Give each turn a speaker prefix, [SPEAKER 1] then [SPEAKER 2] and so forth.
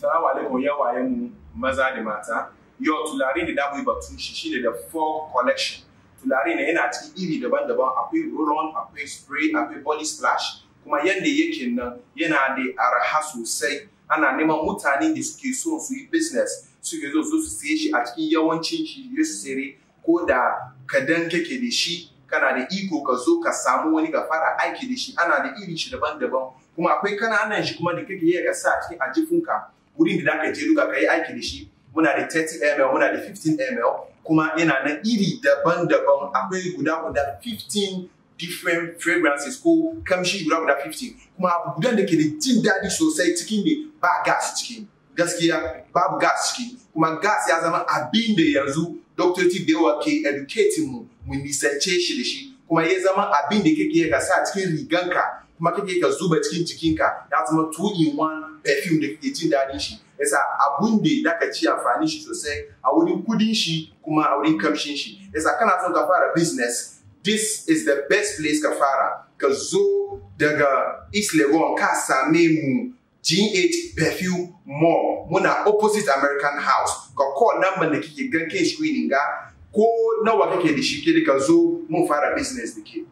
[SPEAKER 1] salamu alaikum yawayen mu maza da mata yau tulare ne damu batun shi shine da four collection tulare ne yana cikin iri daban-daban akwai roll-on akwai spray akwai body splash kuma yadda yake nan yana da araha sosai ana neman mutane da suke so su yi business suke zo su siye shi a cikin yawancin shi ya sere ko da kadan kake da shi kana da iko ka zo ka samu wani ka fara aiki da shi ana da irin shi daban-daban kuma akwai kananan shi kuma da kake yi ka sa cikin ajifinka wurin da aka je duka kai aiki da shi muna da 30 ml muna da 15 ml kuma yana na iri daban-daban akwai guda guda 15 different fragrances ko kamshi guda guda 15 kuma abu gudan da ke da jin daɗi sosai cikin ne ba gas cikin gaskiya babu gas ciki kuma gas ya zama abin da yanzu doctorate da yawa ke educating mu mu nisance shi da shi kuma ya zama abin da kake ka sa cikin riganka kuma kake ka zuba cikin jikinka ya zama two in one perfume da kake jin daɗin shi yasa abun da da ka ci amfani shi sosai a wurin kudin shi kuma a wurin kamshin shi yasa kana son ka fara business this is the best place ka fara ka zo daga East Legon ka same mu GH Perfume Mall muna opposite American House ka call number da kike gan kin screening ga ko nawa kake da shi ke ka zo mun fara business da ke.